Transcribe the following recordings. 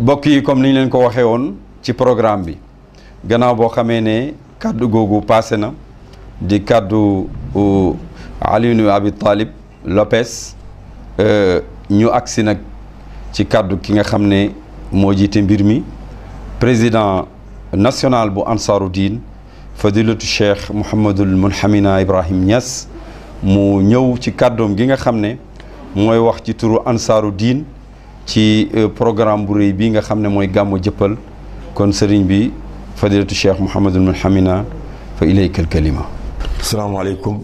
mbokk yi comme ni ñu leen ko waxee woon ci programme bi gannaaw boo xamee ne kàddu googu passé na di kàddu Alioune Abi Talib Lopes euh, ñu agsi nag ci kàddu ki nga xam ne moo jiite mbir mi président national bu ansaaru diin fadilatu cheikh Mouhamadul Munhamina Ibrahim ñas mu ñëw ci kàddoom gi nga xam ne mooy wax ci turu ansaaru diin ci euh, programme bu rëy bii nga xam ne mooy gàmmu jëppal kon sëriñ bi fadilatu cheikh mouhamadul mulhamina fa ilaykal kalima asalaamaaleykum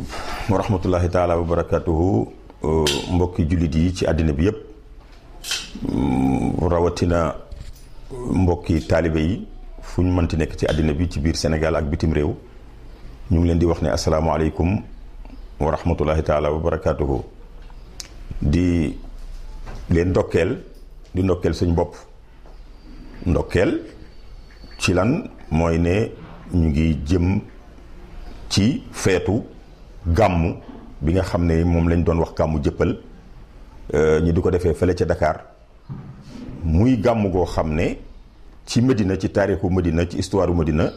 wa rahmatullahi taala euh, jullit yi ci àddina bi yëpp mm, rawatina euh, mbokki taalibe yi fu ñu mënti nekk ci àddina bi ci biir Sénégal ak bitim réew ñu ngi leen di wax ne asalaamaaleykum wa rahmatullahi taala wa di leen dokkeel di ndokkeel suñ bopp ndokkeel ci lan mooy ne ñu ngi jëm ci feetu gàmmu bi nga xam ne moom lañ doon wax gàmmu jëppal euh, ñi di ko defee fële ca dakaar muy gàmm goo xam ne ci Medina ci taarixu madina ci histoire madina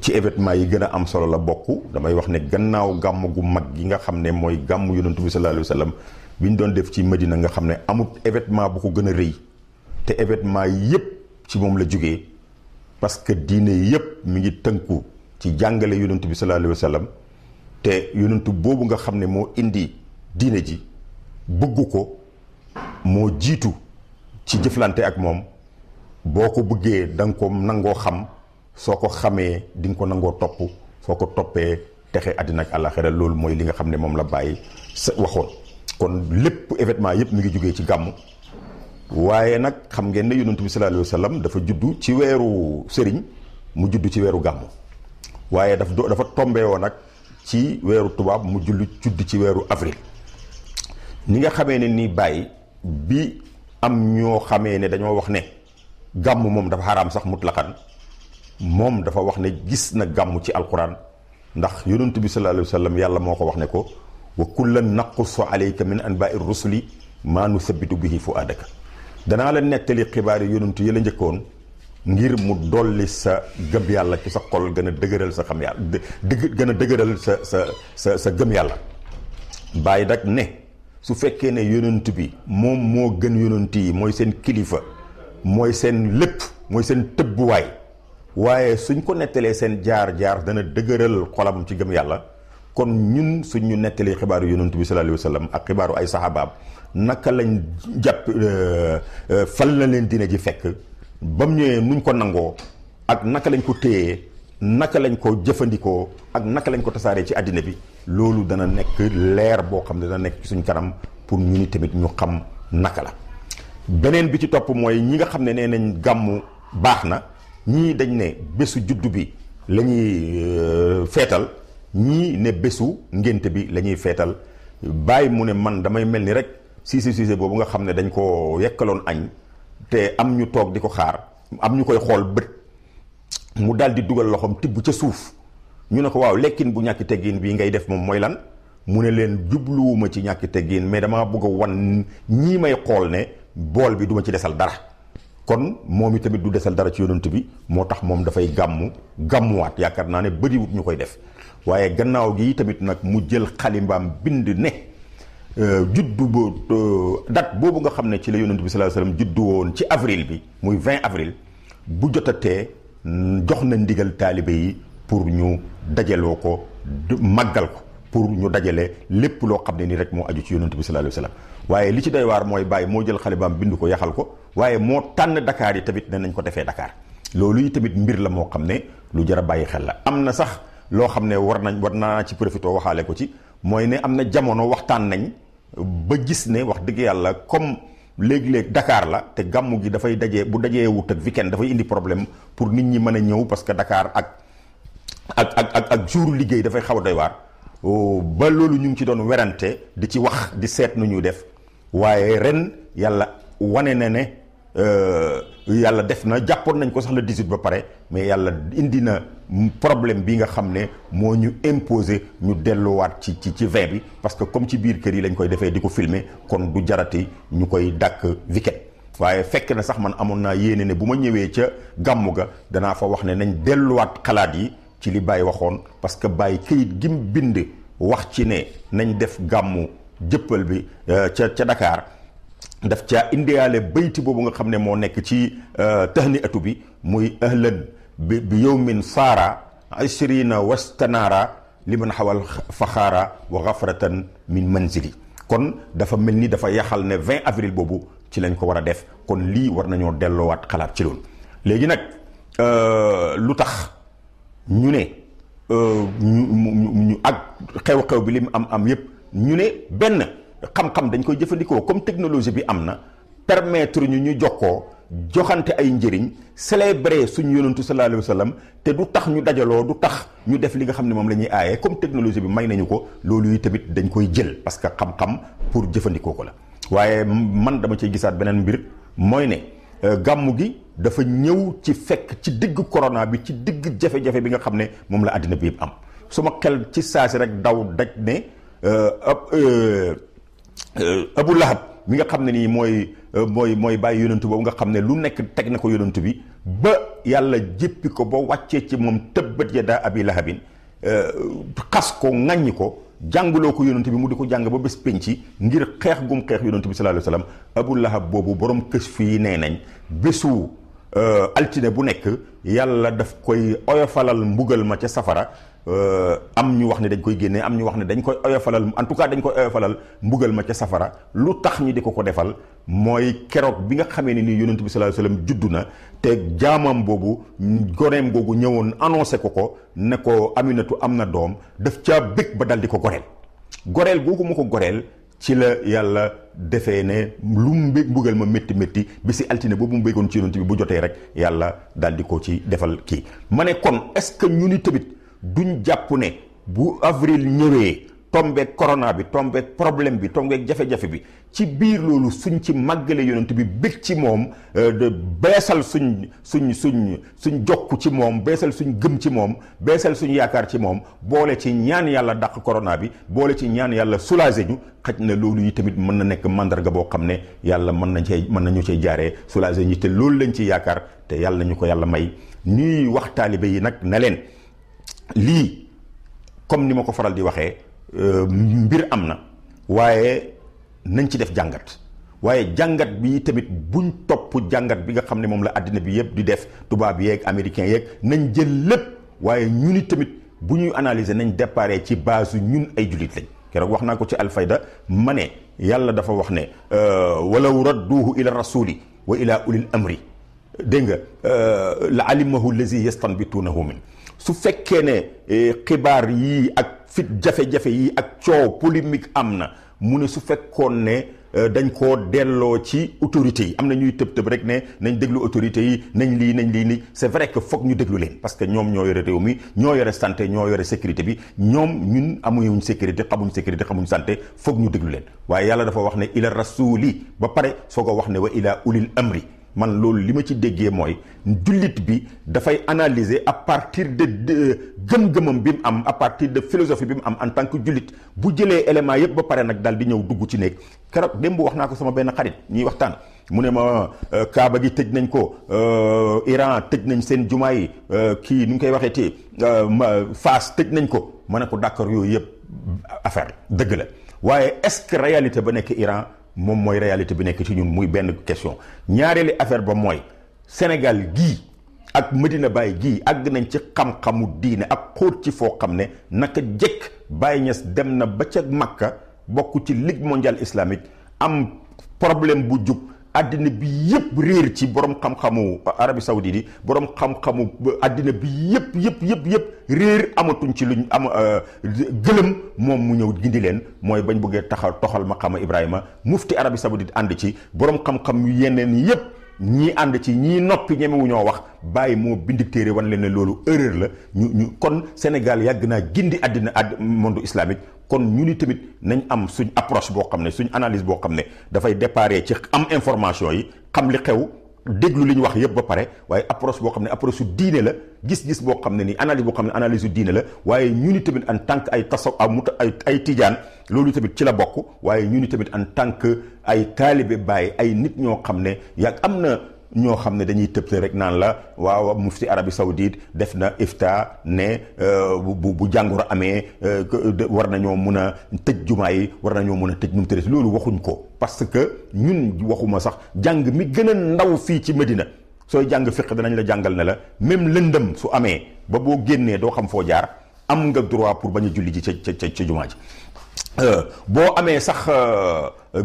ci événement yi gën a am solo la bokk damay wax ne gannaaw gàmm gu mag gi nga xam ne mooy gàmm yonent bi sallallahu alayhi wa sallam bi ñu doon def ci Medina nga xam ne amut événement bu ko gën a rëy te événement yépp ci moom la jógee parce que diine yépp mi ngi tënku ci jàngale yonent bi sallallahu alayhi wa sallam te yonent boobu nga xam ne moo indi diine ji bëggu ko moo jiitu ci jëflante ak moom boo ko bëggee da nga ko nangoo xam soo ko xamee di ko nangoo topp soo ko toppee texe àddina ak àllaxira loolu mooy li nga xam ne moom la bàyyi sa waxoon kon lépp événement yëpp mi ngi jógee ci gàmmu waaye nag xam ngeen ne yonent bi sa alayhi wa dafa juddu ci weeru sëriñ mu juddu ci weeru gàmmu waaye daf dafa tombé woon nag ci weeru tubaab mu julli judd ci weeru avril ni nga xamee ne nii bàyyi bi am ñoo xamee ne dañoo wax ne gàmm moom dafa xaraam sax mutlaqan moom dafa wax ne gis na gàmmu ci alquran ndax yonent bi sallallahu alayhi wa sallam yàlla moo ko wax ne ko wa kullan naqussu alayka min anbaai rusuli maa nu sabitu bihi fuadaka danaa la nettali xibaar yi yonent yi la njëkkoon ngir mu dolli sa gëm yàlla ci sa xol gën a dëgëral sa xam yàlla a dëgëral sa sa sa sa gëm yàlla bàyyi nag ne su fekkee ne yonent bi moom moo gën yonent yi mooy seen kilifa mooy seen lépp mooy seen tëbbuwaay waaye suñ ko nettalee seen jaar-jaar dana dëgëral xolam ci gëm yàlla kon ñun suñ ñu nettalee xibaaru yonantu bi sallallahu alayhi wa sallam ak xibaaru ay saxaabaam naka lañ jàpp euh, euh, fal na leen dina ji fekk ba mu ñëwee nuñ ko nangoo ak naka lañ ko téyee naka lañ ko jëfandikoo ak naka lañ ko tasaaree ci àddina bi loolu dana nekk leer boo xam ne dana nekk ci suñ kanam pour ñu ni tamit ñu xam naka la beneen bi ci topp mooy ñi nga xam ne nee nañ gàmmu baax na ñii dañ ne bésu juddu bi la ñuy euh, feetal ñii ne bésu ngénte bi la ñuy feetal bàyyi mu ne man damay mel ni rek Cissé Cissé boobu nga xam ne dañ ko yekkaloon añ te am ñu toog di ko xaar am ñu koy xool bët mu daal di dugal loxoom tibb ca suuf ñu ne ko waaw lekkin bu ñàkk teggiin bii ngay def moom mooy lan mu ne leen jubluwuma ci ñàkk teggiin mais dama bëgg wan ñii may xool ne bool bi duma ci desal dara kon moom tamit du desal dara ci yonent bi moo tax moom dafay gàmmu gàmmuwaat yaakaar naa ne bëriwut ñu koy def waaye gannaaw gi tamit nag mu jël xalimbaam bind ne euh, juddu bo euh, date boobu nga xam ne ci la yonent bi sallallahu alayhi wasallam juddu woon ci avril bi muy vingt avril bu jotatee mm, jox na ndigal taalibe yi pour ñu dajaloo ko màggal ko pour ñu dajale lépp loo xam ne nii rek moo aju ci yonent bi sallallahu alayhi wasallam waaye li ci doy waar mooy bàyyi moo jël xalimbaam bind ko yaxal ko waaye moo tànn dakaar yi tamit danañ ko defee Dakar loolu yi tamit mbir la moo xam ne lu jar a bàyyi xel la am na sax loo xam ne war nañ war naa ci profité waxaale ko ci mooy ne am na jamono waxtaan nañ ba gis ne wax dëgg yàlla comme léegi léeg dakaar la te gàmmu gi dafay dajee bu dajee wut ak weekend dafay indi problème pour nit ñi mën a ñëw parce que Dakar ak ak ak ak ak jour liggéey dafay xaw a waar oh, ba loolu ñu ngi ci doon werante di ci wax di seet nu ñuy def waaye ren yàlla wane na ne Euh, yàlla def na jàppoon nañ ko sax le 18 ba pare mais yàlla indi na problème bi nga xam ne moo ñu imposé ñu delluwaat ci ci ci vingt bi parce que comme ci biir kër yi lañ koy defee di ko filmer kon du jarati ñu koy dàkk weekend waaye fekk na sax man amoon naa yéene ne bu ma ñëwee ca gàmmu ga danaa fa wax ne nañ delluwaat xalaat yi ci li bàyyi waxoon parce que Baye këyit gim bind wax ci ne nañ def gàmmu jëppal bi euh, ca ca ndakaar daf caa indiyaale bayti boobu nga xam ne moo nekk ci euh, tahni atu bi muy ahlan bi bi yowmin saara li wastanaara liman xawal faxaara wa gafratan min manzili kon dafa mel ni dafa yaxal ne 20 avril boobu ci lañ ko war a def kon lii war nañoo delloowaat xalaat ci loolu léegi nag euh, lu tax ñu ne euh, ñu ñu ak xew-xew bi li mu am am yépp ñu ne benn xam-xam dañ koy jëfandikoo comme technologie bi am na permettre ñu ñu jokkoo joxante ay njëriñ célébrer suñu yonantu sallallahu alayhi wa te du tax ñu dajaloo du tax ñu def li nga xam ne moom la ñuy aayee comme technologie bi may nañu ko loolu tamit dañ koy jël parce que xam pour jëfandikoo ko la waaye man dama ciy gisaat beneen mbir mooy ne euh, gàmmu gi dafa ñëw ci fekk ci digg corona bi ci digg jafe bi nga xam ne moom la àddina bi yëpp am su ma xel ci saa saasi rek daw daj ne euh, euh, Euh, Abu Lahab mi nga xam ne nii mooy euh, mooy mooy bàyyi yonantu boobu nga xam ne lu nekk teg na ko yonantu bi ba yàlla jéppi ko ba wàccee ci moom tëbbat yadaa abi lahabin euh, xas ko ŋàññi ko jàngaloo ko yonantu bi mu di ko jàng ba bés penci ngir xeex gum xeex yonantu bi sallallahu alayhi wa sallam Abu Lahab boobu borom kës fii nee nañ bésu altine bu nekk yàlla daf koy oyofalal mbugal ma ca safara Euh, am ñu wax ne dañ koy génnee am ñu wax ne dañ koy oyofalal en tout cas dañ koy oyofalal mbugal ma ca safara lu tax ñi di ko ko defal mooy keroog bi nga xamee ne nii yonent bi sallallahu juddu na te jaamam boobu goneem googu ñëwoon annoncé ko ko ne ko Aminatu am na doom daf caa bëgg ba dal di ko goreel goreel googu mu ko goreel ci la yàlla defee ne lu mu mbugal ma métti métti bi si altine boobu mu bëggoon ci yonent bi bu jotee rek yàlla dal di ko ci defal kii ma ne kon est ñu ni tamit duñ jàpp ne bu avril ñëwee tombeek corona bi tombeek problème bi tombeek jafe-jafe bi ci biir loolu suñ ci màggale yonent bi bég ci moom euh, de beesal suñ suñ suñ suñ jokku ci moom beesal suñ gëm ci moom beesal suñ yaakaar ci moom boole ci ñaan yàlla dàq corona bi boole ci ñaan yàlla soulager ñu xaj na loolu yi tamit mën na nekk mandarga boo xam ne yàlla mën nañ cee mën nañu cee jaaree soulager ñu te loolu lañ ci yaakaar te yàlla nañu ko yàlla may ñuy wax taalibe yi nag na lii comme ni ma ko faral di waxee euh, mbir am na waaye nañ ci def jàngat waaye jàngat bi tamit buñ topp jàngat bi nga xam ne moom la àddina bi yëpp di def tubaab yeeg américain yeeg nañ jël lépp waaye ñu ni tamit bu ñuy analyser nañ déparé ci base ñun ay jullit lañ keroog wax naa ko ci alfayda ma ne yàlla dafa wax ne euh, walaw radduuhu ila rasuli wa ila ulil amri dégg nga euh, la alimahu lazi na min su fekkee ne eh, xibaar yii ak fit jafe-jafe yi ak coow polémique am na mu ne su fekkoon ne eh, dañ koo delloo ci autorités yi am na ñuy tëb tëb rek ne nañ déglu autorités yi nañ lii nañ lii nit c'est vrai que foog ñu déglu leen parce que ñoom ñoo yore réew mi ñoo yore santé ñoo yore sécurité bi ñoom ñun amuñu sécurité xamuñ sécurité xamuñ santé foog ñu déglu leen waaye yàlla dafa wax ne ila rasuli ba pare soog a wax ne wa ila ulil amri man loolu li ma ci déggee mooy jullit bi dafay analyser à partir de gëm-gëmam bi mu am à partir de philosophie bi mu am en tant que jullit bu jëlee élément yëpp ba pare nag daal di ñëw dugg ci néeg keroog démb wax naa ko sama benn xarit ñuy waxtaan mu ne ma euh, Kaaba gi tëj nañ ko euh, Iran tëj nañ seen jumaa yi euh, kii nu ñu koy waxee te Fass tëj nañ ko ma ne ko d'accord yooyu yëpp affaire dëgg la waaye est réalité ba nekk Iran. moom mooy réalité bi nekk ci ñun muy benn question ñaareeli affaire ba mooy Sénégal gii ak Medina Baye gii àgg nañ ci xam-xamu diine ak xóot ci foo xam ne naka jëkk Baye Niass dem na ba ca Makka bokk ci ligue mondiale islamique am problème bu jub àddina bi yëpp réer ci borom xam-xamu Arabie Saoudite yi borom xam-xamu àddina bi yëpp yëpp yëpp yëpp réer amatuñ ci luñ am euh, gëlëm moom mu ñëw gindi leen mooy bañ bëggee taxaw toxal ma xama Ibrahima mufti Arabie Saoudite ànd ci borom xam-xam yeneen yëpp. ñii ànd ci ñii noppi ñemewu ñoo wax bàyyi moo bindi téere wan leen ne loolu erreur la ñu ñu kon Sénégal yàgg naa gindi àddina àdd monde islamique kon ñu ni tamit nañ am suñ approche boo xam ne suñ analyse boo xam ne dafay déparé ci am information yi xam li xew déglu li ñu wax yëpp ba pare waaye approche boo xam ne approche su diine la gis-gis boo xam ne ni analyse boo xam ne analyse su diine la waaye ñu ni tamit en tant que ay tasaw ay ay tijaan loolu tamit ci la bokk waaye ñu ni tamit en tant que ay taalibe bàyyi ay nit ñoo xam ne yaa am na ñoo xam ne dañuy tëb rek naan la waaw mufti Arabie Saoudite def na ifta ne euh, bu bu jàngoro amee euh, war ñoo mun a tëj jumaa yi war nañoo mun a tëj nu mu tëddee loolu waxuñ ko parce que ñun waxuma sax jàng mi gën a ndaw fii ci Medina sooy jàng fiq danañ la jàngal na la même lëndëm su amee ba boo génnee doo xam foo jaar am nga droit pour bañ a julli ji ca ca ca jumaa ji euh, boo amee sax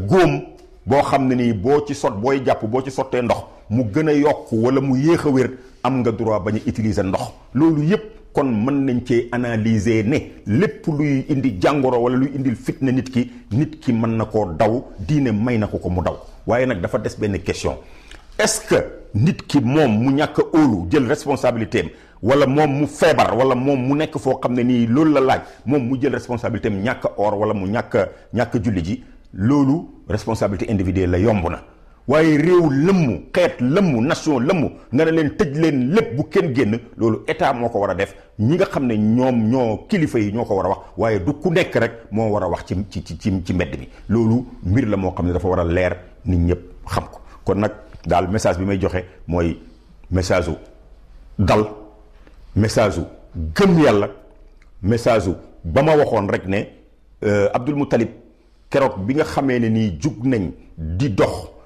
góom boo xam ne nii boo ci sot booy jàpp boo ci sottee ndox. mu gën a yokk wala mu yéex a wér am nga droit bañ a utiliser ndox loolu yépp kon mën nañ cee analyser ne lépp luy indi jàngoro wala luy indil fitna nit ki nit ki mën na ko daw diine may na ko ko mu daw waaye nag dafa des benn question est-ce que nit ki moom mu ñàkk óolu jël responsabilité am wala moom mu feebar wala moom mu nekk foo xam ne nii loolu la laaj moom mu jël responsabilité am ñàkk a or wala mu ñàkk ñàkk a julli ji loolu responsabilité individuelle la yomb na waaye réew lëmmu xeet lëmmu nation lëmmu nga ne leen tëj leen lépp bu kenn génn loolu état moo ko war a def ñi nga xam ne ñoom ñoo kilifa yi ñoo ko war a wax waaye du ku nekk rek moo war a wax ci ci ci ci mbedd mi loolu mbir la moo xam ne dafa war a leer nit ñëpp xam ko kon nag daal message bi may joxe mooy message u dal message u gëm yàlla message u ba ma waxoon rek ne euh, Abdul Muttalib keroog bi nga xamee ne nii jug nañ di dox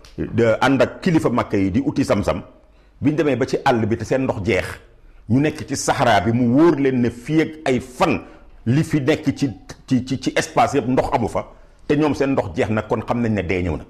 ànd ak kilifa makka yi di uti sam-sam biñ demee ba ci àll bi te seen ndox jeex ñu nekk ci saxaraa bi mu wóor leen ne fi ak ay fan li fi nekk ci ci ci espace yëpp ndox amu fa te ñoom seen ndox jeex nag kon xam nañ ne dee ñëw na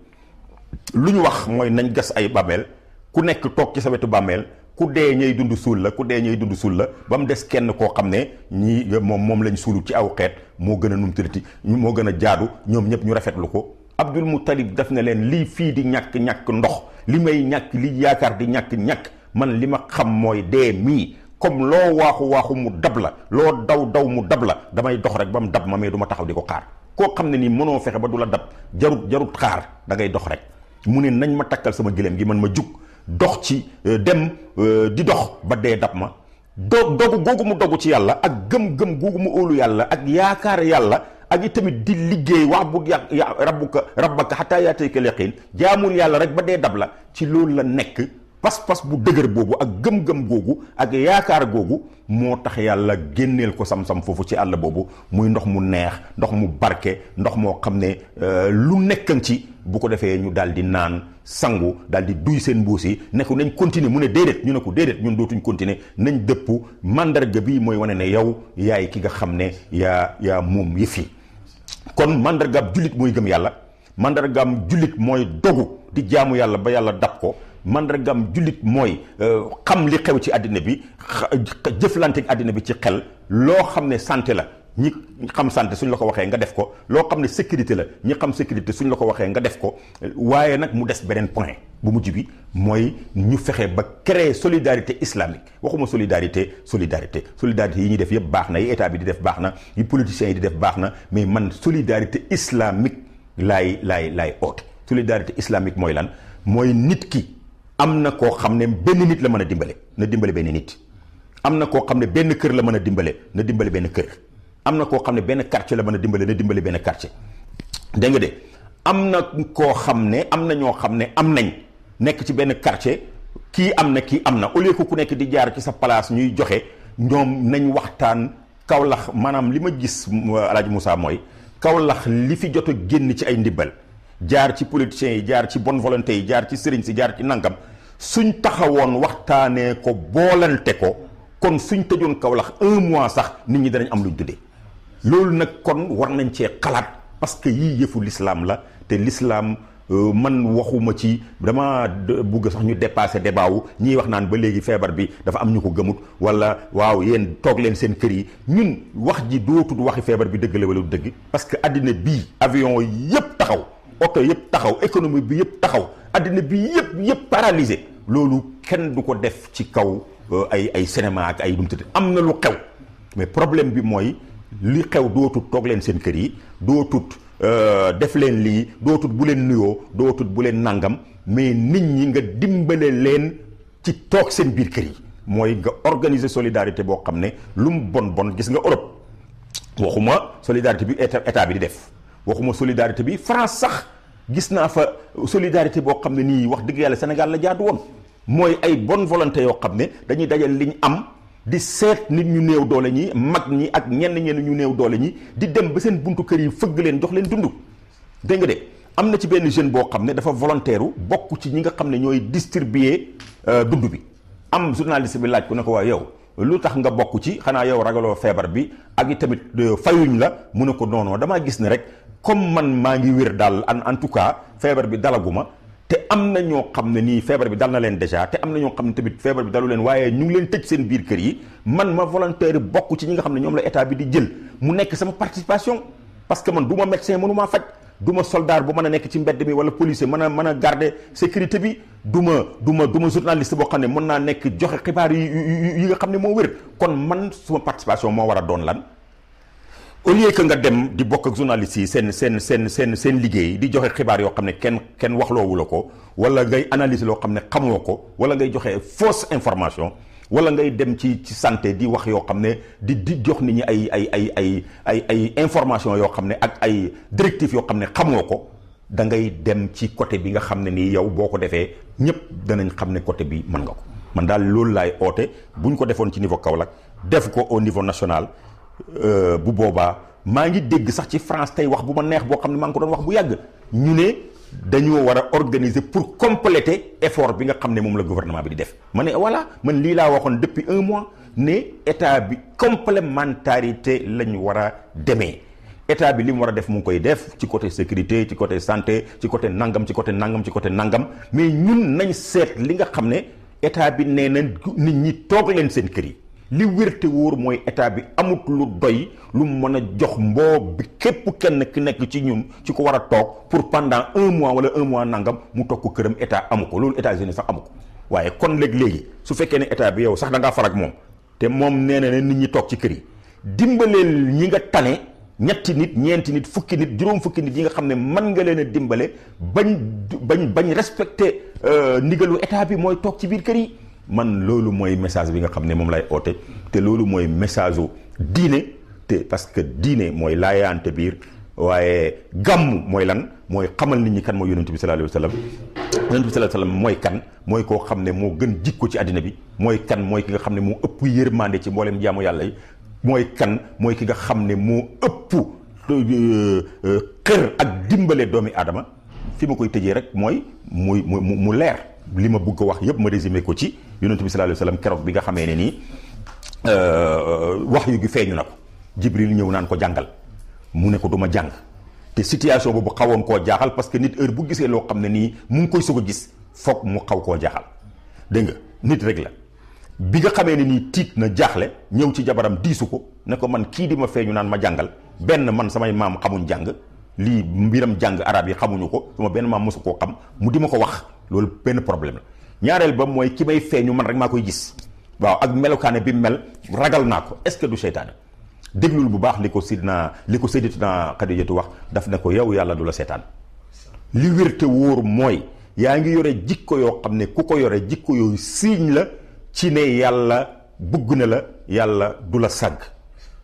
lu ñu wax mooy nañ gas ay bàmmeel ku nekk toog ci sa bàmmeel ku dee ñay dund suul la ku dee ñay dund suul la ba mu des kenn koo xam ne ñii moom moom lañ suulu ci aw xeet moo gën a num moo gën a jaadu ñoom ñëpp ñu rafetlu ko Abdul Muttalib def na leen lii fii di ñàkk-ñàkk ndox li may ñàkk li yaakaar di ñàkk-ñàkk man li ma xam mooy dee mii comme loo waaxu waaxu mu dab la loo daw daw mu dab la damay dox rek ba mu dab ma mais du taxaw di ko xaar koo xam ne nii mënoo fexe ba du la dab jarut xaar da ngay dox rek mu ne nañ ma takkal sama gëléem gi man ma jug dox ci euh, dem euh, di dox ba dee dab ma do dogu googu mu dogu ci yàlla ak gëm-gëm googu mu óolu yàlla ak yaakaar yàlla ak tamit di liggéey wax bu ya ya rabbuka rabbaka xataa yaatayka leqiin jaamul yàlla rek ba dee dab la ci loolu la nekk pas-pas bu dëgër boobu ak gëm-gëm googu ak yaakaar googu moo tax yàlla génneel ko sam-sam foofu ci àll boobu muy ndox mu neex ndox mu barke ndox moo xam ne euh, lu nekkan ci bu ko defee ñu daal di naan sangu daal di duy seen mbuus yi nekku nañ continuer mu ne déedéet ñu ne ko déedéet ñun dootuñ continuer nañ dëpp mandarga bi mooy wane ne yow yaay ki nga xam ne yaa yaa moom yëf yi kon mandargaam jullit mooy gëm yàlla mandargaam jullit mooy dogu di jaamu yàlla ba yàlla dab ko mandargaam jullit mooy euh, xam li xew ci àddina bi jëflante ak àddina bi ci xel loo xam ne sante la ñi xam santé suñ la ko waxee nga def ko loo xam ne sécurité la ñi xam sécurité suñ la ko waxee nga def ko waaye nag mu des beneen point bu mujj bi mooy ñu fexe ba créer solidarité islamique waxuma solidarité solidarité solidarité yi ñuy def yëpp baax na yi état bi di def baax na yi politiciens yi di def baax na mais man solidarité islamique laay laay laay oote solidarité islamique mooy lan mooy nit ki am na koo xam ne benn nit la mën a dimbale na dimbale benn nit am na koo xam ne benn kër la mën a dimbale na dimbale benn kër am na koo xam ne benn quartier la mën a dimbale na dimbale benn quartier dégg nga de am na koo xam ne am na ñoo xam ne am nañ nekk ci benn quartier kii am na kii am na au lieu ku nekk di jaar ci sa place ñuy joxe ñoom nañ waxtaan Kaolack maanaam li ma gis euh, Alaaji Moussa mooy Kaolack li fi jot génn ci ay ndibbal jaar ci politiciens yi jaar ci bon volonté yi jaar ci sëriñ si jaar ci nangam suñ taxawoon waxtaanee ko boolante ko kon suñ tëjoon Kaolack un mois sax nit ñi danañ am luñ tuddee loolu nag kon war nañ cee xalaat parce que yii yëfu l'islam la te lislaam Euh, man waxuma ci dama bugg sax ñu dépassé de wu ñiy wax naan ba léegi feebar bi dafa am ñu ko gëmut wala waaw yéen toog leen seen kër yi ñun wax ji dootul waxi feebar bi dëgg la wala dëgg parce que addina bii avion yëpp taxaw oto yëpp taxaw économie bi yëpp taxaw àddina bi yëpp yëpp paralysé loolu kenn du ko def ci kaw euh, ay ay cinéma ak ay dumtati am na lu xew mais problème bi mooy li xew dootut toog leen seen kër yi dootut Euh, def leen lii dootut bu leen nuyoo dootut bu leen nangam mais nit ñi nga dimbale leen ci toog seen biir kër yi mooy nga organiser solidarité boo xam ne lu mu bon bon gis nga Europe waxuma solidarité bi état bi di def waxuma solidarité bi France sax gis naa fa solidarité boo xam ne nii wax dëgg yàlla Sénégal la jaadu woon mooy ay bonne volonté yoo xam ne dañuy dajal liñ am di seet nit ñu néew doole ñi mag ñi ak ñenn ñenn ñu néew doole ñi di dem ba seen buntu kër yi fëgg leen jox leen dund dégg de am na ci benn jeune boo xam ne dafa volontaire bokk ci ñi nga xam ne ñooy distribuer euh, dund bi am journaliste bi laaj ku ne ko waaye yow lu tax nga bokk ci xanaa yow ragaloo feebar bi ak i tamit fayuñ la mu ne ko noonoo dama gis ne rek comme man maa ngi wér daal en en tout cas feebar bi dalaguma am na ñoo xam ne nii feebar bi dal na leen déjà te am na ñoo xam ne tamit feebar bi dalu leen waaye ñu ngi leen tëj seen biir kër yi man ma volontaire bokk ci ñi nga xam ne ñoom la état bi di jël mu nekk sama participation parce que man du ma médecin mënumaa faj du ma soldat bu mën a nekk ci mbedd mi wala policier mën a mën a garder sécurité bi du ma du ma du ma journaliste boo xam ne mën naa nekk joxe xibaar yi yi nga xam ne moo wér kon man suma participation moo war a doon lan au lieu que nga dem di bokk ak journaliste yi seen seen seen seen seen liggéey di joxe xibaar yoo xam ne kenn kenn waxloowu la ko wala ngay analyser loo xam ne xamoo ko wala ngay joxe fausse information wala ngay dem ci ci santé di wax yoo xam ne di di jox ni ñi ay ay ay ay ay ay information yoo xam ne ak ay directives yoo xam ne xamoo ko da ngay dem ci côté bi nga xam ne nii yow boo ko defee ñëpp danañ xam ne côté bi mën nga ko man daal loolu laay oote buñ ko defoon ci niveau Kaolack def ko au niveau national Euh, bu boobaa maa ngi dégg sax ci France tey wax bu ma neex boo xam ne maa ngi ko doon wax bu yàgg ñu ne dañoo war a organiser pour compléter effort bi nga xam ne moom la gouvernement bi di def ma ne voilà man lii laa waxoon depuis un mois ne état bi complémentarité la ñu war a demee état bi li mu war a def mu ngi koy def ci côté sécurité ci côté santé ci côté nangam ci côté nangam ci côté nangam mais ñun nañ seet li nga xam ne état bi nee na nit ñi toog leen seen kër yi. li wérte wóor mooy état bi amut lu doy lu mën a jox mboo bi képp kenn ki nekk ci ñun ci ko war a toog pour pendant un mois wala un mois nangam mu toog ko këram état amu ko loolu États-Unis sax amu ko waaye kon léeg-léegi su fekkee ne état bi yow sax da ngaa farag moom te moom nee na ne nit ñi toog ci kër yi dimbaleel ñi nga tane ñetti nit ñeenti nit fukki nit juróom fukki nit yi nga xam ne mën nga leen a dimbale bañ bañ bañ respecté euh, ndigalu état bi mooy toog ci biir kër yi man loolu mooy message bi nga xam ne moom laay oote te loolu mooy message u diine te parce que diine mooy laayaante biir waaye gàmm mooy lan mooy xamal nit ñi kan mooy yonent bi sallallahu alayhi wasallam bi sallallahu alayhi mooy kan mooy ko xam ne moo gën ko ci àddina bi mooy kan mooy ki nga xam ne moo ëpp yërmande ci mboolem jaamu yàlla mooy kan mooy ki nga xam ne moo ëpp euh, xër ak dimbale doomi aadama fi ma koy tëjee rek mooy muy mu mu leer li ma bugg a wax yëpp ma résime ko ci yonent bi sallallahu alayhi wa sallam keroog bi nga xamee ne nii euh, wax yu gi feeñu na ko jibril ñëw naan ko jàngal mu ne ko duma jàng te situation boobu xawoon koo jaaxal parce que nit heure bu gisee loo xam ne nii mu ngi koy soog a gis foog mu xaw koo jaaxal dégg nga nit rek la bi nga xamee ne nii tiit na jaaxle ñëw ci jabaram diisu ko ne ko man kii di ma feeñu naan ma jàngal benn man samay maam xamuñ jàng lii mbiram jàng arab yi xamuñu ko sama benn maam mosu koo xam mu di ma ko wax loolu benn problème la ñaareel ba mooy ki may feeñu man rek maa koy gis waaw ak melokaane bi mel ragal naa ko est-ce que du seytaane déglul bu baax li ko sidna li ko sayyidatuna Xadijatu wax daf ne ko yow yàlla du la seetaan li wér wóor mooy yaa ngi yore jikko yoo xam ne ku ko yore jikko yooyu siiñ la ci ne yàlla bugg na la yàlla du la sàgg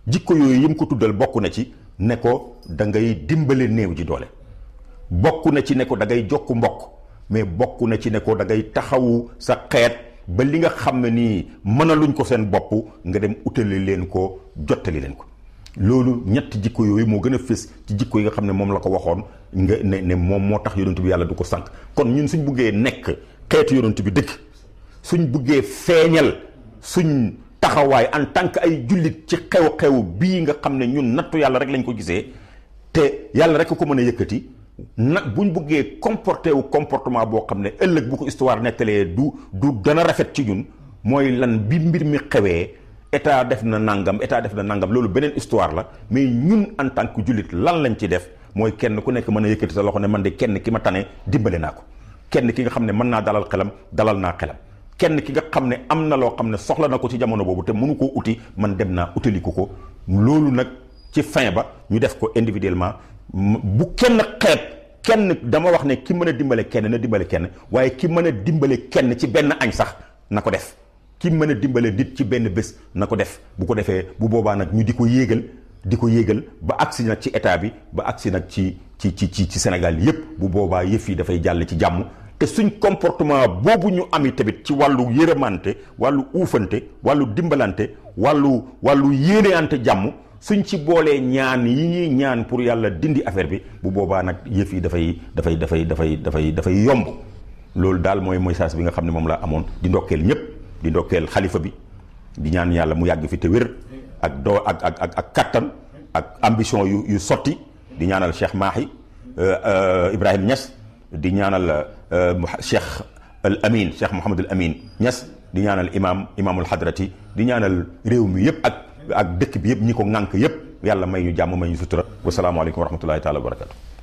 jikko yooyu yim ko tuddal bokk na ci ne ko da ngay dimbale néew ji doole bokk na ci ne ko da ngay jokk mbokk mais bokk na ci ne ko da taxawu sa xeet ba li nga xam ne nii mënaluñ ko seen bopp nga dem utali leen ko jottali leen ko loolu ñett jikko yooyu moo gën a fés ci jikko yi nga xam ne moom la ko waxoon nga ne ne moom moo tax yonent bi yàlla du ko sànq kon ñun suñ buggee nekk xeetu yonent bi dëkk suñ buggee feeñal suñ taxawaay en tant que ay jullit ci xew-xew bii nga xam ne ñun nattu yàlla rek lañ ko gisee te yàlla rek ko mën a yëkkati nag buñ bëggee comporté wu comportement boo xam ne ëllëg bu ko histoire nettalee du du dana rafet ci ñun mooy lan bi mbir mi xewee état def na nangam état def na nangam loolu beneen histoire la mais ñun en tant que jullit lan lañ ci def mooy kenn ku nekk mën a yëkkati sa loxo ne man de kenn ki ma tane dimbale naa ko kenn ki nga xam ne mën naa dalal xelam dalal naa xelam kenn ki nga xam ne am na loo xam ne soxla na ko ci jamono boobu te mënu koo uti man dem naa utali ko ko loolu nag ci fin ba ñu def ko individuellement bu kenn xeet kenn dama wax ne ki mën a dimbale kenn na dimbale kenn waaye ki mën a dimbale kenn ci benn añ sax na ko def ki mën a dimbale nit ci benn bés na ko def bu ko defee bu boobaa nag ñu di ko yéegal di ko yéegal ba agsi nag ci état bi ba agsi nag ci ci ci ci ci Sénégal yépp bu boobaa yëf yi dafay jàll ci jàmm te suñ comportement boobu ñu ami tamit ci wàllu yërëmante wàllu uufante wàllu dimbalante wàllu wàllu yéeneante jàmm suñ ci boolee ñaan yi ñuy ñaan pour yàlla dindi affaire bi bu boobaa nag yëf yi dafay dafay dafay dafay dafay dafay yomb loolu daal mooy message bi nga xam ne moom laa amoon di ndokkeel ñëpp di ndokkeel xalifa bi di ñaan yàlla mu yàgg fi te ak doo ak ak ak ak kattan ak ambition yu yu sotti di ñaanal Cheikh Mahi euh, euh, Ibrahim Niass di ñaanal euh, Cheikh al Amin Cheikh Mouhamadul Amin ñas di ñaanal imam imamul hadrati di ñaanal réew mi yëpp ak. ak dëkk bi yëpp ñi ko ŋànk yëpp yàlla may ñu jàmm may ñu sutura wasalaamaaleykum wa rahmatullahi taala wa